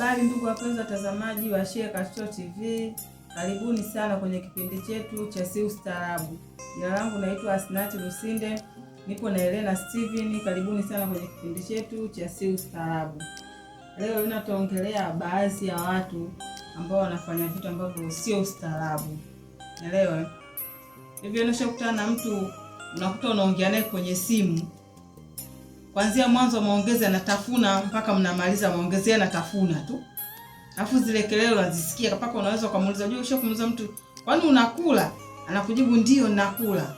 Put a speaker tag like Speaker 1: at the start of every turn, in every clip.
Speaker 1: Habari ndugu wapenzi watazamaji wa Shia Castro TV, karibuni sana kwenye kipindi chetu cha Si Ustaarabu. Jina langu naitwa Asnati Lusinde, nipo na elena Steven. Karibuni sana kwenye kipindi chetu cha Si Ustaarabu. Leo nataongelea baadhi ya watu ambao wanafanya vitu ambavyo sio ustaarabu, elewe hivyo. Nishakutana na mtu unakuta unaongea naye kwenye simu kuanzia mwanzo wa maongezi anatafuna mpaka mnamaliza maongezi anatafuna tu. Alafu zile kelele unazisikia mpaka unaweza kumuuliza, unajua kumuuliza mtu, "Kwani unakula?" Anakujibu, "Ndio nakula."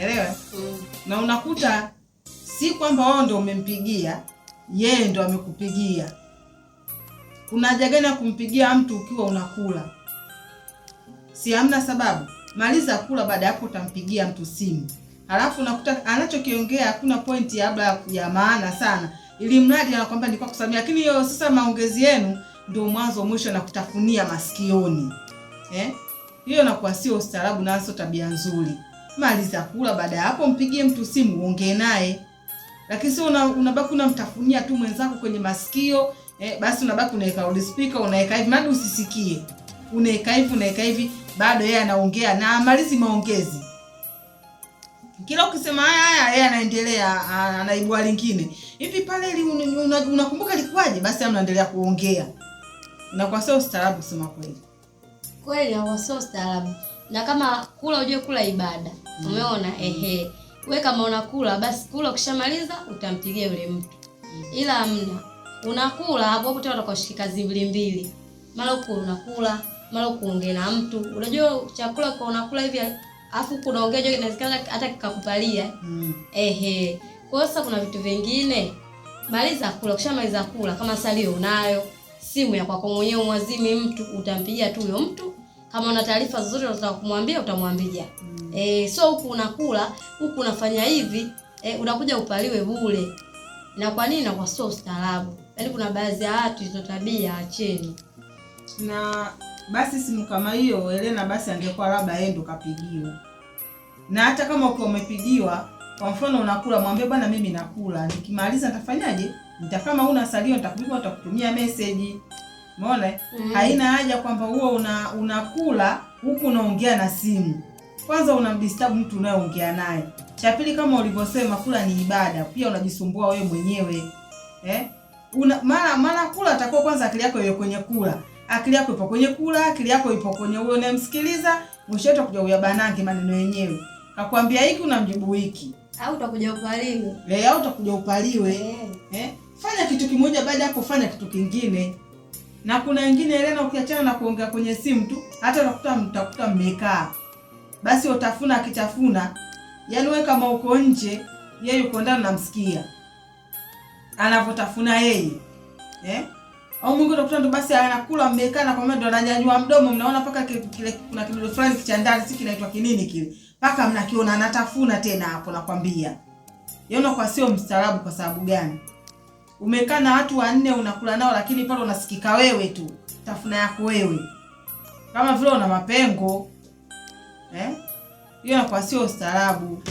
Speaker 1: elewe Mm. Na unakuta si kwamba wao ndio umempigia, yeye ndio amekupigia. Kuna haja gani ya kumpigia mtu ukiwa unakula? Si hamna sababu. Maliza kula, baada ya hapo utampigia mtu simu alafu unakuta anachokiongea hakuna pointi labda ya maana sana, ili mradi anakwambia nilikuwa kusamia. Lakini hiyo sasa maongezi yenu ndio mwanzo mwisho na kutafunia masikioni eh? Hiyo nakuwa sio ustaarabu na sio tabia nzuri. Maliza kula, baada ya hapo mpigie mtu simu uongee naye, lakini sio unabaki una unamtafunia tu mwenzako kwenye masikio eh, basi unabaki unaweka loud speaker, unaweka hivi mradi usisikie, unaweka hivi unaweka hivi, bado yeye anaongea na amalizi maongezi kila ukisema haya haya, yeye anaendelea anaibua lingine hivi pale, ili unakumbuka likuwaje? Basi mnaendelea kuongea na kwa sio ustaarabu, sema kweli
Speaker 2: kweli, hawa sio ustaarabu. Na kama kula ujue kula ibada, mm. umeona? mm. Ehe, wewe kama unakula basi kula, ukishamaliza utampigia yule mtu, mm. ila amna unakula hapo hapo tena utakoshika kazi mbili mbili, mara uko unakula mara uko ongea na mtu. Unajua chakula kwa unakula hivi afu kuna jo, inawezekana hata kikakubalia mm. Ehe, kwa sasa kuna vitu vingine, maliza kula. Ukishamaliza kula, kama salio unayo simu ya kwako mwenyewe, mwazimi mtu utampigia tu huyo mtu, kama una taarifa nzuri unataka kumwambia utamwambia. mm. Eh, so huku unakula huku unafanya hivi e, unakuja upaliwe bure. Na kwa nini? Na kwa sio ustaarabu, yaani kuna baadhi ya watu hizo tabia, acheni
Speaker 1: na basi simu kama hiyo Elena basi angekuwa labda yeye ndo kapigiwa na hata kama ukiwa umepigiwa, kwa mfano unakula, mwambie bwana, mimi nakula, nikimaliza nitafanyaje? Nita kama huna salio nitakupigia, nitakutumia message. Umeona? Eh? mm -hmm. Haina haja kwamba huo una unakula huku unaongea na simu. Kwanza unamdisturb mtu unayeongea naye. Cha pili, kama ulivyosema, kula ni ibada, pia unajisumbua wewe mwenyewe eh? Una mara mara kula, atakuwa kwanza akili yako iwe kwenye kula, akili yako ipo kwenye kula, akili yako ipo kwenye huyo unayemsikiliza, mwisho utakuja uyabanange maneno yenyewe nakwambia hiki unamjibu hiki,
Speaker 2: au utakuja upaliwe
Speaker 1: eh, au utakuja upaliwe yeah. Eh, fanya kitu kimoja, baada ya hapo fanya kitu kingine. Na kuna wengine Elena, ukiachana na kuongea kwenye simu tu, hata unakuta mtakuta mmekaa basi, utafuna akitafuna, yaani wewe kama uko nje, yeye yuko ndani, namsikia Anavotafuna yeye eh au mwingine utakuta ndo basi anakula mmekaa na kwa maana ndo ananyanyua mdomo, mnaona paka kile kuna kidodo fulani kichandani, ndani, si kinaitwa kinini kile mpaka mnakiona natafuna tena hapo, nakwambia. Yaona kwa sio mstaarabu. Kwa sababu gani? Umekaa na watu wanne unakula nao, lakini pale unasikika wewe tu tafuna yako wewe, kama vile una mapengo eh? nakuwa sio ustaarabu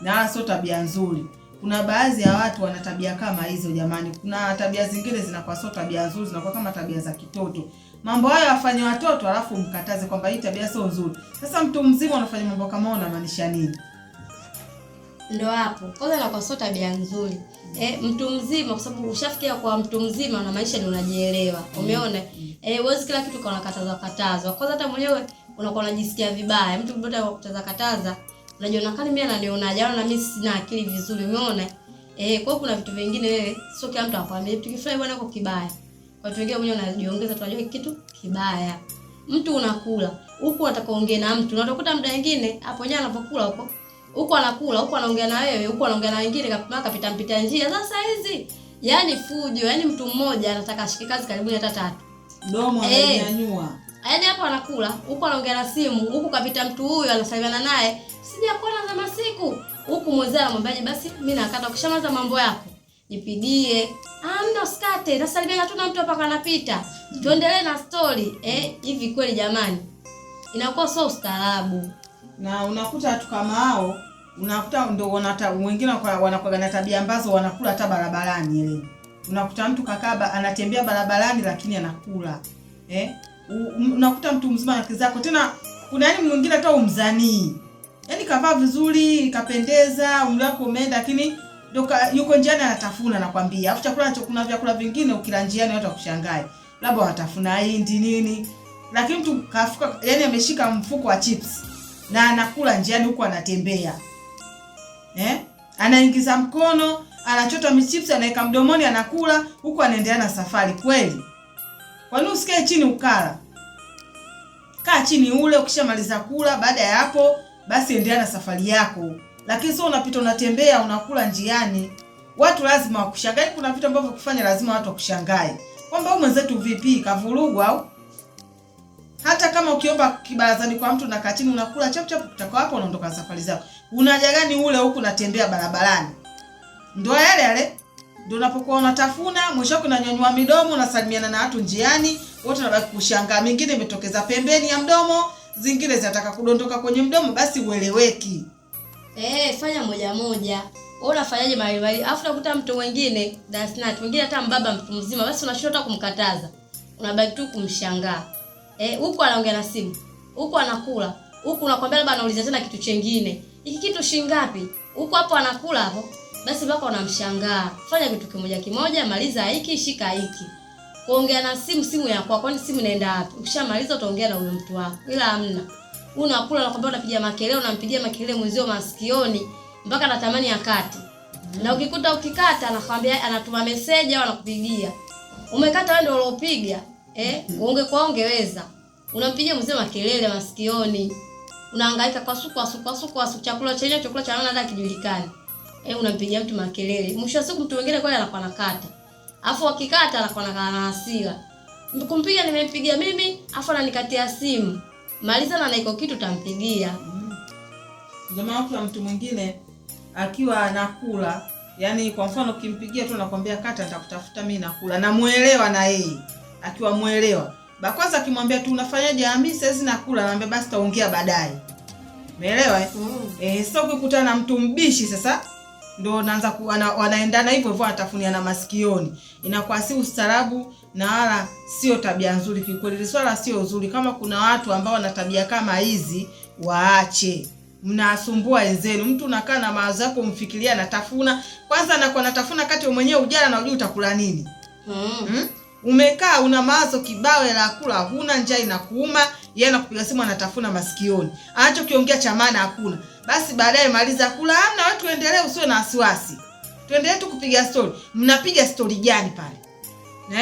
Speaker 1: na sio tabia nzuri. Kuna baadhi ya watu wana tabia kama hizo jamani. Kuna tabia zingine zinakuwa sio tabia nzuri, zinakuwa kama tabia za kitoto mambo hayo afanye watoto alafu mkataze kwamba hii tabia sio nzuri. Sasa mtu mzima anafanya mambo kama hayo unamaanisha nini?
Speaker 2: Ndio hapo kwanza na kwa sio tabia nzuri. E, mtu mzima kwa sababu ushafikia kwa mtu mzima na maisha ni unajielewa, umeona eh, huwezi kila kitu kwa kataza katazwa. Kwanza hata mwenyewe unakuwa unajisikia vibaya, mtu mbona kataza kataza unajiona kali, mimi ananionaje jana na mimi sina akili vizuri, umeona eh. Kwa kuna vitu vingine wewe sio kila mtu akwambia, tukifurahi bwana kwa kibaya Watu wengine wenyewe wanajiongeza, tunajua kitu kibaya. Mtu unakula huku unataka uongee na mtu, na utakuta muda mwingine hapo nyana anapokula huko huko anakula huko anaongea na wewe huko anaongea na wengine, kapita kapita mpita njia. Sasa hizi yani fujo, yani mtu mmoja anataka ashike kazi karibu hata tatu,
Speaker 1: domo eh. ananyanyua
Speaker 2: e. yani hapo anakula huko anaongea na simu huko, kapita mtu huyu anasalimiana naye, sijakuona za masiku huku mwenzao anamwambia basi mimi nakata, ukishamaza mambo yako nipigie. Amna skate, Na salimia hatuna mtu hapa kanapita. Tuendelee na story. Eh, hivi kweli jamani. Inakuwa sio ustaarabu.
Speaker 1: Na unakuta watu kama hao, unakuta ndio wanata wengine wanakuwa na tabia ambazo wanakula hata barabarani ile. Unakuta mtu kakaba anatembea barabarani lakini anakula. Eh? Unakuta mtu mzima na kizako tena kuna yani mwingine hata umzanii. Yaani kavaa vizuri, kapendeza, umri umeenda lakini Joka yuko njiani anatafuna nakwambia. Alafu chakula anachokula vyakula vingine ukila njiani watu wakushangae. Labda wanatafuna hindi nini. Lakini mtu kafuka yani ameshika mfuko wa chips na anakula njiani huku anatembea. Eh? Anaingiza mkono, anachota michips anaweka mdomoni anakula huku anaendelea na safari kweli. Kwa nini usikae chini ukala? Kaa chini ule ukishamaliza kula baada ya hapo basi endelea na safari yako lakini sio unapita unatembea unakula njiani, watu lazima wakushangae. Kuna vitu ambavyo kufanya lazima watu wakushangae kwamba huyu mwenzetu vipi, kavurugwa au? Hata kama ukiomba kibarazani kwa mtu na katini unakula chap chap, kutoka hapo unaondoka safari zako. Unaja gani ule huku unatembea barabarani? Ndio yale yale. Ndio unapokuwa unatafuna, mwisho wako unanyanyua midomo, unasalimiana na watu njiani, wote wanabaki kushangaa. Mingine imetokeza pembeni ya mdomo, zingine zinataka kudondoka kwenye mdomo, basi ueleweki.
Speaker 2: Eh, fanya moja moja. Wewe unafanyaje mali mali? Alafu nakuta mtu mwingine that's not. Mwingine hata mbaba mtu mzima basi unashota kumkataza. Unabaki tu kumshangaa. Eh, huko anaongea na simu. Huko anakula. Huko unakwambia labda anauliza tena kitu chengine. Hiki kitu shingapi? Huko hapo anakula hapo. Basi mpaka unamshangaa. Fanya kitu kimoja kimoja, maliza hiki, shika hiki. Kuongea na simu, simu yako, kwani simu inaenda wapi? Ukishamaliza utaongea na huyo mtu wako. Ila amna unakula nakwambia, unapiga makelele, unampigia makelele mwenzio masikioni mpaka anatamani akate. Na ukikuta ukikata, anakwambia anatuma message au anakupigia, umekata wewe ndio uliopiga. Eh, unge kwa ungeweza, unampigia mzee makelele masikioni, unahangaika kwa suku kwa suku kwa suku kwa suku, chakula chenye chakula cha nani kijulikani. Eh, unampigia mtu makelele, mwisho wa siku mtu mwingine kwa anakuwa nakata. afu akikata anakuwa na hasira, Mkumpiga nimempigia mimi afu ananikatia simu maliza na naiko kitu tampigia mm.
Speaker 1: jamaa wako. mtu mwingine akiwa anakula, yani kwa mfano kimpigia tu nakwambia kata, nitakutafuta mimi nakula, namuelewa na yeye akiwa muelewa ba kwanza, akimwambia tu unafanyaje, ami saizi nakula, naambia basi taongea baadaye, umeelewa eh? mm. Eh, sasa ukikutana na mtu mbishi sasa ndio anaanza wanaendana hivyo hivyo, na masikioni, inakuwa si na wala sio tabia nzuri kikweli, swala sio nzuri. Kama kuna watu ambao wana tabia kama hizi waache, mnasumbua wenzenu. Mtu unakaa na mawazo yako umfikiria anatafuna kwanza, nakuwa natafuna kati wewe mwenyewe ujana na unajua utakula nini mm. Hmm? Umekaa una mawazo kibao, la kula huna, njaa inakuuma, yeye anakupiga simu anatafuna masikioni, anachokiongea cha maana hakuna. Basi baadaye maliza kula, hamna watu, endelee, usiwe na wasiwasi, tuendelee tu kupiga stori. Mnapiga stori gani pale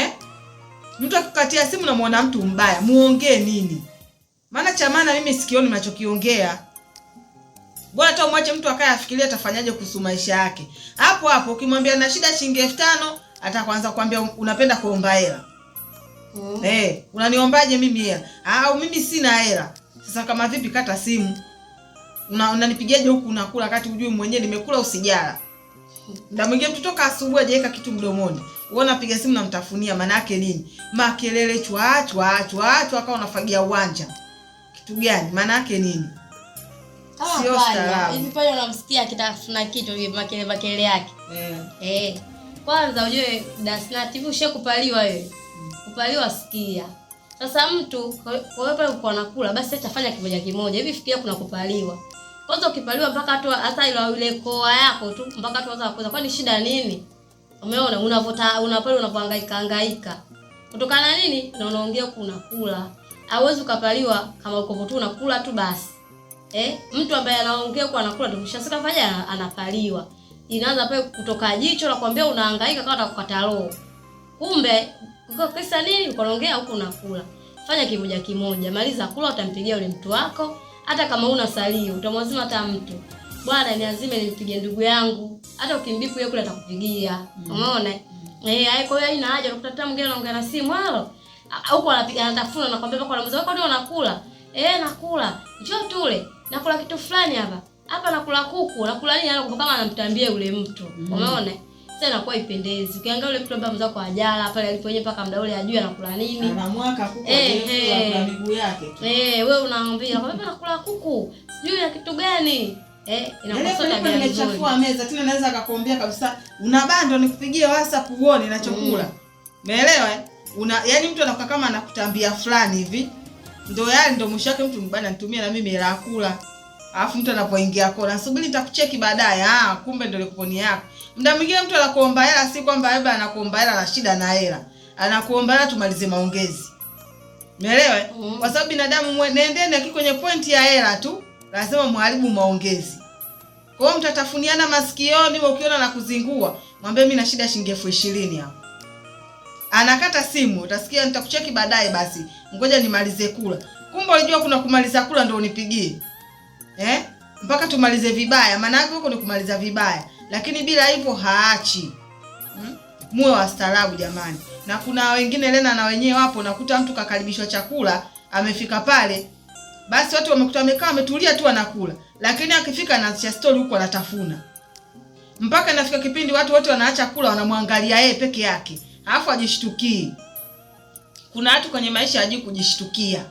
Speaker 1: eh? Mtu akikatia simu namwona mtu mbaya, muongee nini? Maana cha maana mimi sikioni mnachokiongea. Bwana hata umwache mtu akaye afikirie atafanyaje kuhusu maisha yake. Hapo hapo ukimwambia na shida shilingi elfu tano ataanza kuambia unapenda kuomba hela. Mm. Eh, hey, unaniombaje mimi hela? Au mimi sina hela. Sasa kama vipi kata simu? unanipigiaje Una huku unakula wakati hujui mwenyewe nimekula usijala. Muda mwingine mtu toka asubuhi hajaweka kitu mdomoni wewe unapiga simu namtafunia, maana yake nini? Makelele chwa chwa chwa chwa, akawa unafagia uwanja kitu gani? Maana yake nini?
Speaker 2: Ah, Sio staarabu. Hivi pale unamsikia akitafuna kitu hivi makelele makelele yake eh eh, kwanza ujue Dasna TV ushakupaliwa wewe, mm. kupaliwa sikia sasa mtu kwa wewe pale uko anakula basi acha kimoja kimoja. Hivi fikia kuna kupaliwa. Kwanza ukipaliwa mpaka hata ile ile koa yako tu mpaka tu waza kuza. Kwani shida nini? Umeona unavota una pale unapohangaika hangaika. Kutokana na nini? Na unaongea kuna kula. Hauwezi ukapaliwa kama uko tu unakula tu basi. Eh, mtu ambaye anaongea kwa anakula ndio mshasika fanya anapaliwa. Inaanza pale kutoka jicho la kwambia unahangaika kama utakukata roho. Kumbe uko pesa nini? Uko Ukonaongea huko unakula. Fanya kimoja kimoja. Maliza kula utampigia yule mtu wako. Hata kama una salio utamwazima hata mtu bwana ni niazime nimpige ndugu yangu, hata ukimbifu yeye kule atakupigia. Mm. Umeona? Mm. Eh, hai kwa hiyo haina haja unakuta tamu mwingine anaongea na simu halo. Huko anapiga anatafuna na kwambia kwa mzee wako ndio anakula. Eh, nakula. Njoo tule. Nakula kitu fulani hapa. Hapa nakula kuku, nakula nini hapo kama anamtambia yule mtu. Mm. Umeona? Sasa inakuwa ipendezi. Ukiangalia yule mtu ambaye mzee wako ajala pale alipoje yeye mpaka muda ule ajui anakula nini.
Speaker 1: Ana mwaka kuku eh, hey, eh. hey. miguu yake.
Speaker 2: Eh, hey, wewe unaambia, "Kwa nakula kuku? Sijui ya kitu gani?" Eh, yaani
Speaker 1: meza tena, naweza akakuambia kabisa, unabaa nikupigie WhatsApp uone nachokula. Mm. Umeelewa? Eh? Una yaani mtu anakuwa kama anakutambia fulani hivi. Ndio yale yaani ndio mwisho wake mtu mbana nitumie na mimi hela kula. Alafu mtu anapoingia kona, subiri nitakucheki baadaye. Ah, kumbe likuponi yako. Muda mwingine mtu anakuomba hela si kwamba anakuomba hela na shida na hela. Anakuomba hela tumalize maongezi. Umeelewa? Eh? Mm. Kwa sababu binadamu nendeni kwenye pointi ya hela tu lazima mwaribu maongezi. Kwa hiyo mtatafuniana masikioni, wewe ukiona na kuzingua, mwambie mimi na shida shilingi elfu ishirini hapo. Anakata simu, utasikia nitakucheki baadaye, basi ngoja nimalize kula. Kumbe unajua kuna kumaliza kula ndio unipigie. Eh? Mpaka tumalize vibaya, maana yake huko ni kumaliza vibaya. Lakini bila hivyo haachi. Hmm? Muwe wastaarabu jamani. Na kuna wengine Lena na wenyewe wapo, nakuta mtu kakaribishwa chakula, amefika pale basi watu wamekuta wamekaa wametulia tu wanakula, lakini akifika anaanzisha stori huko anatafuna, mpaka nafika kipindi watu wote wanaacha kula, wanamwangalia yeye peke yake, alafu ajishtukii. Kuna watu kwenye maisha hajui kujishtukia,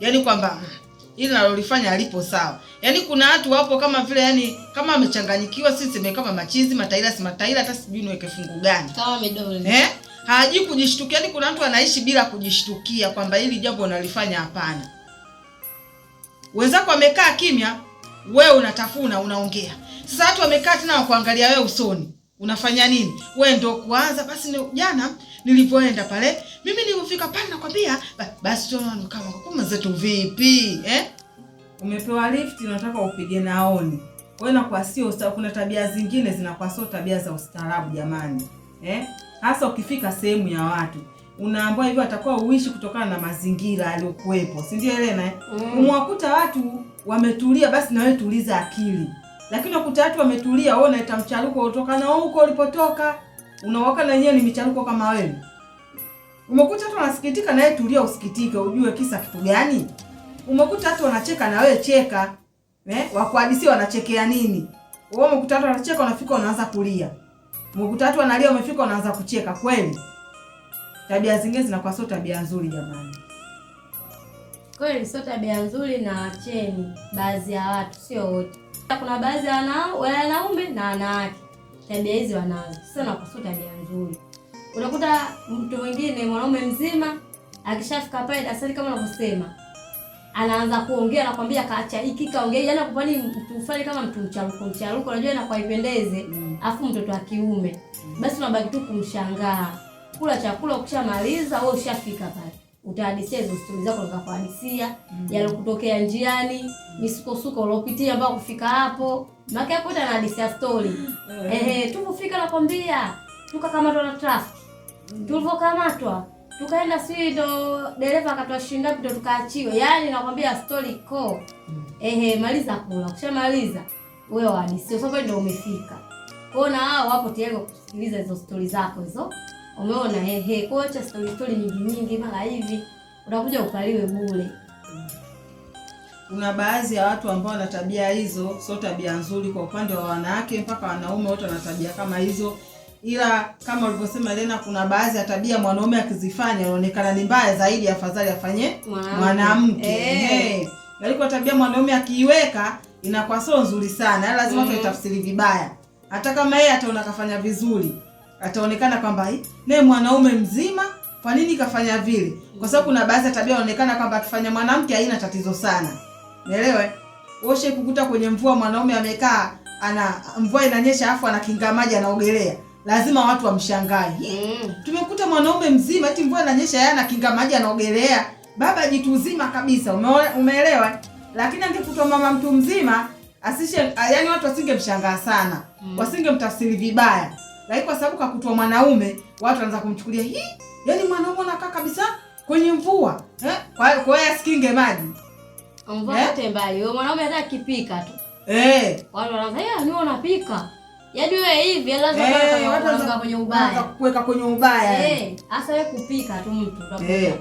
Speaker 1: yaani kwamba mm, ili nalolifanya alipo sawa. Yaani kuna watu wapo kama vile yani kama amechanganyikiwa, sisi tumekaa kama machizi mataila si mataila, hata sijui niweke fungu gani.
Speaker 2: Kama midoli
Speaker 1: Eh? Hajui kujishtukia. yani kuna mtu anaishi bila kujishtukia kwamba hili jambo nalifanya hapana. Wenzako wamekaa kimya, wewe unatafuna, unaongea. Sasa watu wamekaa tena wakuangalia wewe usoni, unafanya nini? Wewe ndo kuanza basi. Ni jana nilipoenda pale, mimi nilipofika pale nakwambia basi tu kama kwa vipi eh? Umepewa lift, unataka upige naoni wewe, na kwa sio kuna tabia zingine zinakuwa sio tabia za ustaarabu jamani, eh? Hasa ukifika sehemu ya watu unaambiwa hivyo atakuwa uishi kutokana na mazingira aliyokuwepo, si ndio Elena? Eh? Mm. Umwakuta watu wametulia, basi na wewe tuliza akili, lakini wakuta watu wametulia, wewe unaita mchaluko kutoka na huko ulipotoka, unaoka na yeye ni micharuko kama wewe. Umekuta watu wanasikitika, na wewe tulia, usikitike, ujue kisa kitu gani. Umekuta watu wanacheka, na wewe cheka, eh, wakuhadisi wanachekea nini? Wewe umekuta watu wanacheka, unafika unaanza kulia. Umekuta watu wanalia, umefika unaanza kucheka, kweli tabia zingine zinakuwa sio tabia nzuri jamani.
Speaker 2: Kweli sio tabia nzuri, na wacheni baadhi ya watu, sio wote. Kuna baadhi ya wanaume na wanawake tabia hizi wanazo, sio na kusuta tabia nzuri. Unakuta mtu mwingine mwanaume mzima akishafika pale darasani, kama unavyosema, anaanza kuongea, anakwambia kaacha hiki, kaongea jana, yaani kufanya mtu fulani kama mtu mchaluko mchaluko, unajua inakuwa ipendeze, mm. afu mtoto wa kiume, basi unabaki tu kumshangaa kula chakula, ukishamaliza wewe ushafika pale, utahadisia hizo stori zako za kuhadisia mm. yale kutokea njiani mm. misukosuko uliopitia mpaka kufika hapo, maki hapo anahadisia stori mm. Eh. ehe, tulipofika nakwambia, tukakamatwa na trafiki mm. tulivyokamatwa tukaenda sijui ndo dereva akatoa akatwashinda ndo tukaachiwa. Yani nakwambia stori ko mm. ehe, maliza kula, ukishamaliza wewe wahadisia, sababu ndo umefika. Kwa na hao wapo tayari kusikiliza hizo stori zako hizo. Umeona, ehe, kocha stori stori nyingi nyingi, mara hivi unakuja ukaliwe bure.
Speaker 1: Kuna baadhi ya watu ambao wana tabia hizo, sio tabia nzuri kwa upande wa wanawake, mpaka wanaume wote wana tabia kama hizo, ila kama ulivyosema Lena, kuna baadhi ya tabia mwanaume akizifanya anaonekana ni mbaya zaidi, afadhali afanye mwanamke.
Speaker 2: Eh,
Speaker 1: alikuwa yaani tabia mwanaume akiiweka inakuwa sio nzuri sana, yaani lazima mm, tutafsiri vibaya, hata kama yeye ataona kafanya vizuri ataonekana kwamba naye mwanaume mzima, kwa nini kafanya vile? Kwa sababu kuna baadhi ya tabia inaonekana kwamba akifanya mwanamke haina tatizo sana, umeelewa? Oshe kukuta kwenye mvua mwanaume amekaa, ana mvua inanyesha, afu anakinga maji, anaogelea, lazima watu wamshangae. Mm. Tumekuta mwanaume mzima eti mvua inanyesha, yeye anakinga maji, anaogelea, baba jitu uzima kabisa, umeelewa? Lakini angekuta mama mtu mzima asishe, yani watu wasingemshangaa sana, mm. wasingemtafsiri vibaya lakini kwa sababu kakutwa mwanaume, watu wanaanza kumchukulia hii, yani mwanaume anakaa kabisa kwenye mvua eh? Kwa hiyo asikinge maji
Speaker 2: mvua eh? Mbali wewe mwanaume hata akipika tu eh, watu wanaanza yeye eh, ni anapika yaani wewe hivi yaani lazima hey, eh, watu wanaanza kwenye ubaya wanaanza
Speaker 1: kuweka kwenye ubaya eh,
Speaker 2: hasa wewe kupika tu mtu eh,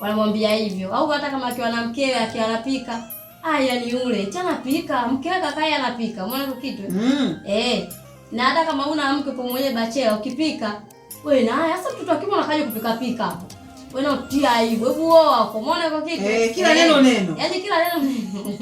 Speaker 2: wanamwambia hivyo, au hata kama akiwa na mkewe akiwa anapika, ah, yaani yule cha anapika mkewe kakaye anapika, umeona kitu mm. eh na hata kama una mke kwa mwenye bachea ukipika wewe na haya sasa, mtoto akimwona kaje kupika pika hapo wewe na utia aibu. Hebu oa kwa maana kwa kitu
Speaker 1: eh, kila neno eh, neno,
Speaker 2: yaani kila neno neno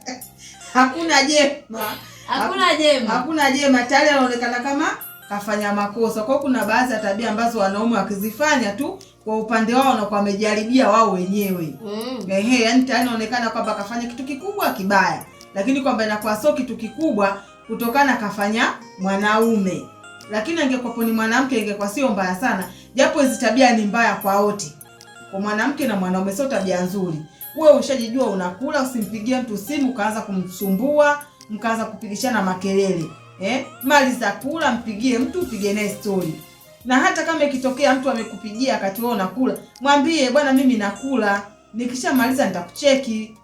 Speaker 1: hakuna jema,
Speaker 2: hakuna jema,
Speaker 1: hakuna jema. Tayari anaonekana kama kafanya makosa. Kwa kuna baadhi ya tabia ambazo wanaume wakizifanya tu kwa upande wao na kwa wamejaribia wao wenyewe mm. Ehe, yaani tayari inaonekana kwamba kafanya kitu kikubwa kibaya, lakini kwamba inakuwa sio kitu kikubwa kutokana kafanya mwanaume, lakini angekuwapo ni mwanamke ingekuwa sio mbaya sana, japo hizi tabia ni mbaya kwa wote, kwa mwanamke na mwanaume, sio tabia nzuri. Wewe ushajijua unakula, usimpigie mtu simu ukaanza kumsumbua, mkaanza kupigishana makelele eh? Mali za kula, mpigie mtu, upige naye story. na hata kama ikitokea mtu amekupigia wakati wewe unakula, mwambie bwana, mimi nakula, nikishamaliza nitakucheki.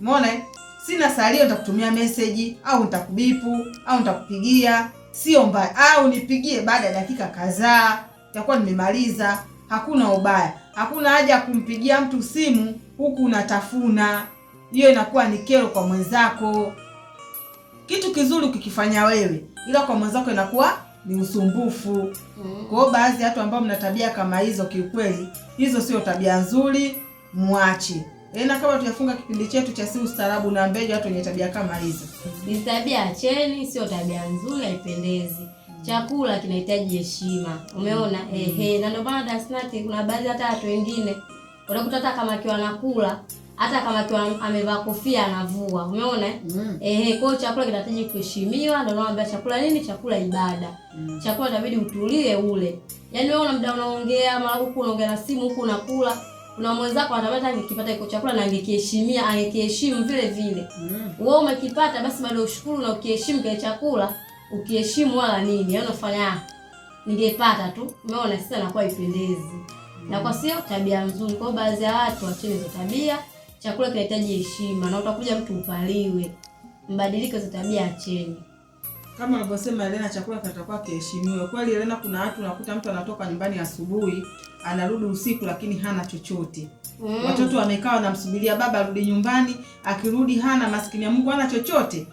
Speaker 1: Umeona? Eh? sina salio, nitakutumia meseji au nitakubipu au nitakupigia, sio mbaya, au nipigie baada ya dakika kadhaa, nitakuwa nimemaliza. Hakuna ubaya, hakuna haja ya kumpigia mtu simu huku unatafuna. Hiyo inakuwa ni kero kwa mwenzako. Kitu kizuri ukikifanya wewe, ila kwa mwenzako inakuwa ni usumbufu. Mm-hmm. Kwa hiyo baadhi ya watu ambao mna tabia kama hizo, kiukweli hizo sio tabia nzuri, mwache. Ena kama tuyafunga kipindi chetu cha si ustaarabu na mbeja watu wenye tabia kama hizo.
Speaker 2: Ni tabia acheni, sio tabia nzuri, haipendezi. Chakula kinahitaji heshima. Umeona? Mm. Ehe, na ndio maana Dasnati kuna baadhi hata watu wengine unakuta hata kama kiwa anakula hata kama kiwa amevaa kofia anavua. Umeona? Mm. Ehe, kwa hiyo chakula kinahitaji kuheshimiwa. Ndio naomba chakula nini? Chakula ibada. Mm. Chakula inabidi utulie ule. Yaani wewe una muda unaongea, mara huku unaongea na simu, huku unakula kuna mwenzako anatamani hata nikipata iko chakula na angekiheshimia angekiheshimu vile vile. Mm. Wewe umekipata basi bado ushukuru na ukiheshimu kile chakula, ukiheshimu wala nini. Yaani unafanya ningepata tu. Umeona sasa nakuwa ipendezi. Mm. Na kwa sio tabia nzuri. Kwa baadhi ya watu wacheni za tabia, chakula kinahitaji heshima na utakuja mtu upaliwe. Mbadilike za tabia acheni
Speaker 1: kama alivyosema Elena, chakula kitakuwa kiheshimiwe. Kweli Elena, kuna watu nakuta mtu anatoka nyumbani asubuhi anarudi usiku, lakini hana chochote mm. Watoto wamekaa wanamsubiria baba arudi nyumbani, akirudi hana, maskini ya Mungu hana chochote.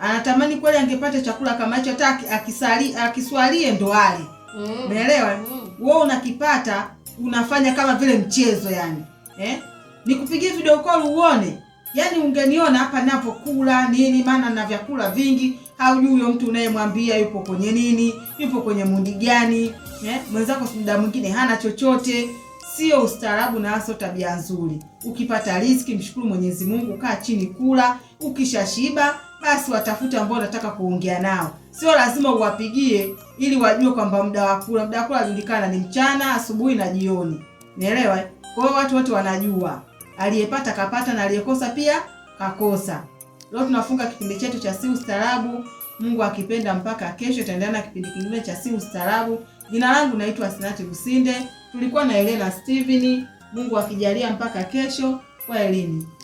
Speaker 1: Anatamani kweli angepata chakula kama hicho, hata akisali akiswalie ndo ale mm. Umeelewa mm. Wewe unakipata unafanya kama vile mchezo yani, eh, nikupigie video call uone, yani ungeniona hapa ninapokula nini, maana na vyakula vingi haujui huyo mtu unayemwambia yupo kwenye nini, yupo kwenye mundi gani eh? Mwenzako muda mwingine hana chochote, sio ustaarabu na sio tabia nzuri. Ukipata riziki, mshukuru Mwenyezi Mungu, kaa chini, kula. Ukishashiba basi watafuta ambao unataka kuongea nao, sio lazima uwapigie ili wajue kwamba muda wa kula, muda wa kula unajulikana ni mchana, asubuhi na jioni. Nielewa. Eh? Kwa hiyo watu wote wanajua, aliyepata kapata na aliyekosa pia kakosa. Leo tunafunga kipindi chetu cha si ustaarabu. Mungu akipenda, mpaka kesho itaendelea na kipindi kingine cha si ustaarabu. Jina langu naitwa sinati Businde, tulikuwa na Elena Steven. Mungu akijalia, mpaka kesho, kwa elini.